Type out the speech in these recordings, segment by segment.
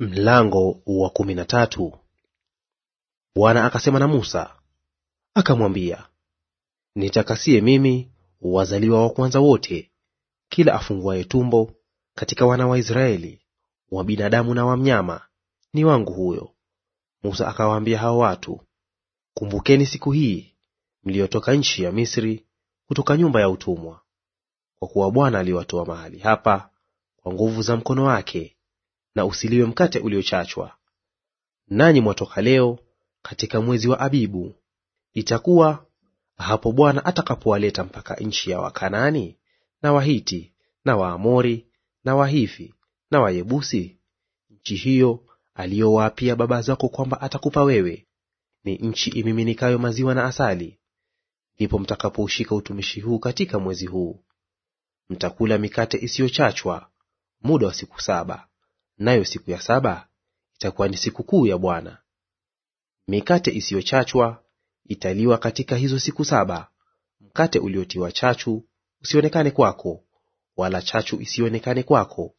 Mlango wa kumi na tatu. Bwana akasema na Musa akamwambia, nitakasie mimi wazaliwa wa kwanza wote, kila afunguaye tumbo katika wana wa Israeli, wa binadamu na wa mnyama, ni wangu huyo. Musa akawaambia hao watu, kumbukeni siku hii mliyotoka nchi ya Misri, kutoka nyumba ya utumwa, kwa kuwa Bwana aliwatoa mahali hapa kwa nguvu za mkono wake na usiliwe mkate uliochachwa. Nanyi mwatoka leo katika mwezi wa Abibu. Itakuwa hapo Bwana atakapowaleta mpaka nchi ya Wakanaani na Wahiti na Waamori na Wahivi na Wayebusi, nchi hiyo aliyowaapia baba zako kwamba atakupa wewe, ni nchi imiminikayo maziwa na asali, ndipo mtakapoushika utumishi huu katika mwezi huu. Mtakula mikate isiyochachwa muda wa siku saba nayo siku ya saba itakuwa ni siku kuu ya Bwana. Mikate isiyochachwa italiwa katika hizo siku saba. Mkate uliotiwa chachu usionekane kwako, wala chachu isionekane kwako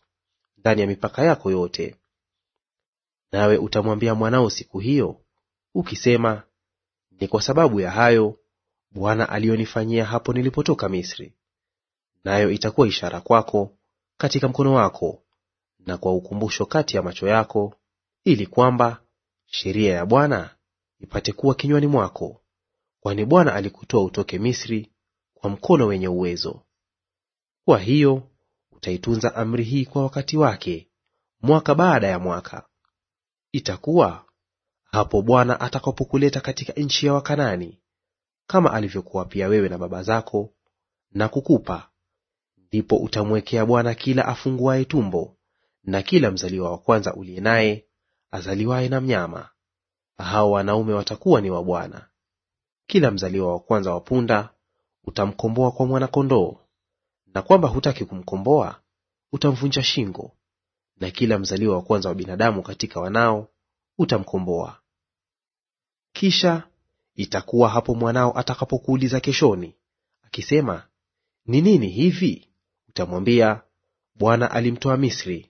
ndani ya mipaka yako yote. Nawe utamwambia mwanao siku hiyo ukisema, ni kwa sababu ya hayo Bwana aliyonifanyia hapo nilipotoka Misri. Nayo itakuwa ishara kwako katika mkono wako, na kwa ukumbusho kati ya macho yako, ili kwamba sheria ya Bwana ipate kuwa kinywani mwako, kwani Bwana alikutoa utoke Misri kwa mkono wenye uwezo. Kwa hiyo utaitunza amri hii kwa wakati wake, mwaka baada ya mwaka. Itakuwa hapo Bwana atakapokuleta katika nchi ya Wakanani kama alivyokuwa pia wewe na baba zako na kukupa, ndipo utamwekea Bwana kila afunguaye tumbo na kila mzaliwa wa kwanza uliye naye azaliwaye na mnyama, hao wanaume watakuwa ni wa Bwana. Kila mzaliwa wa kwanza wa punda utamkomboa kwa mwana-kondoo, na kwamba hutaki kumkomboa utamvunja shingo, na kila mzaliwa wa kwanza wa binadamu katika wanao utamkomboa. Kisha itakuwa hapo mwanao atakapokuuliza keshoni akisema, ni nini hivi? Utamwambia, Bwana alimtoa Misri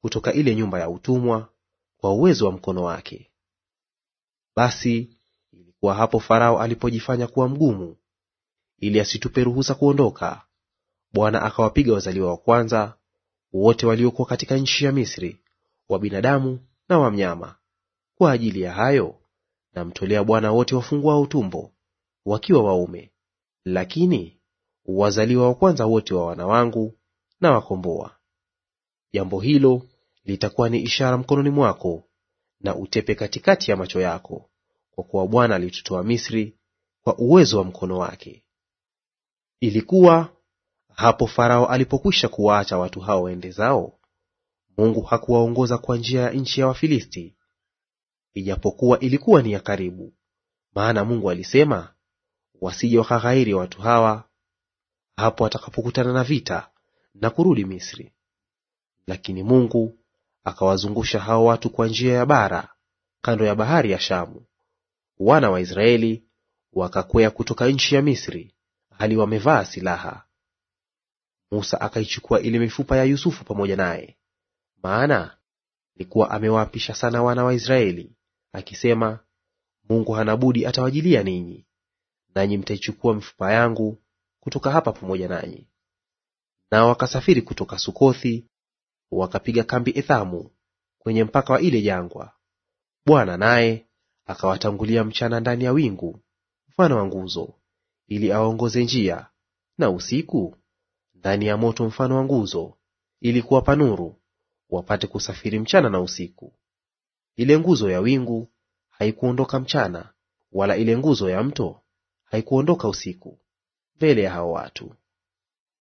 kutoka ile nyumba ya utumwa kwa uwezo wa mkono wake. Basi ilikuwa hapo Farao alipojifanya kuwa mgumu ili asitupe ruhusa kuondoka, Bwana akawapiga wazaliwa wa kwanza wote waliokuwa katika nchi ya Misri, wa binadamu na wa mnyama. Kwa ajili ya hayo namtolea Bwana wote wa utumbo wakiwa waume, lakini wazaliwa wa kwanza wote wa wana wangu na wakomboa jambo hilo litakuwa ni ishara mkononi mwako na utepe katikati ya macho yako, kwa kuwa Bwana alitutoa Misri kwa uwezo wa mkono wake. Ilikuwa hapo Farao alipokwisha kuwaacha watu hao waende zao, Mungu hakuwaongoza kwa njia ya nchi ya Wafilisti, ijapokuwa ilikuwa ni ya karibu, maana Mungu alisema, wasije wakaghairi watu hawa hapo watakapokutana na vita na kurudi Misri. Lakini Mungu akawazungusha hao watu kwa njia ya bara kando ya bahari ya Shamu. Wana wa Israeli wakakwea kutoka nchi ya Misri hali wamevaa silaha. Musa akaichukua ile mifupa ya Yusufu pamoja naye, maana alikuwa amewaapisha sana wana wa Israeli, akisema, Mungu hana budi atawajilia ninyi, nanyi mtaichukua mifupa yangu kutoka hapa pamoja nanyi. Nao wakasafiri kutoka Sukothi wakapiga kambi Ethamu kwenye mpaka wa ile jangwa. Bwana naye akawatangulia mchana ndani ya wingu mfano wa nguzo, ili awaongoze njia, na usiku ndani ya moto mfano wa nguzo, ili kuwapa nuru wapate kusafiri mchana na usiku. Ile nguzo ya wingu haikuondoka mchana, wala ile nguzo ya mto haikuondoka usiku mbele ya hao watu.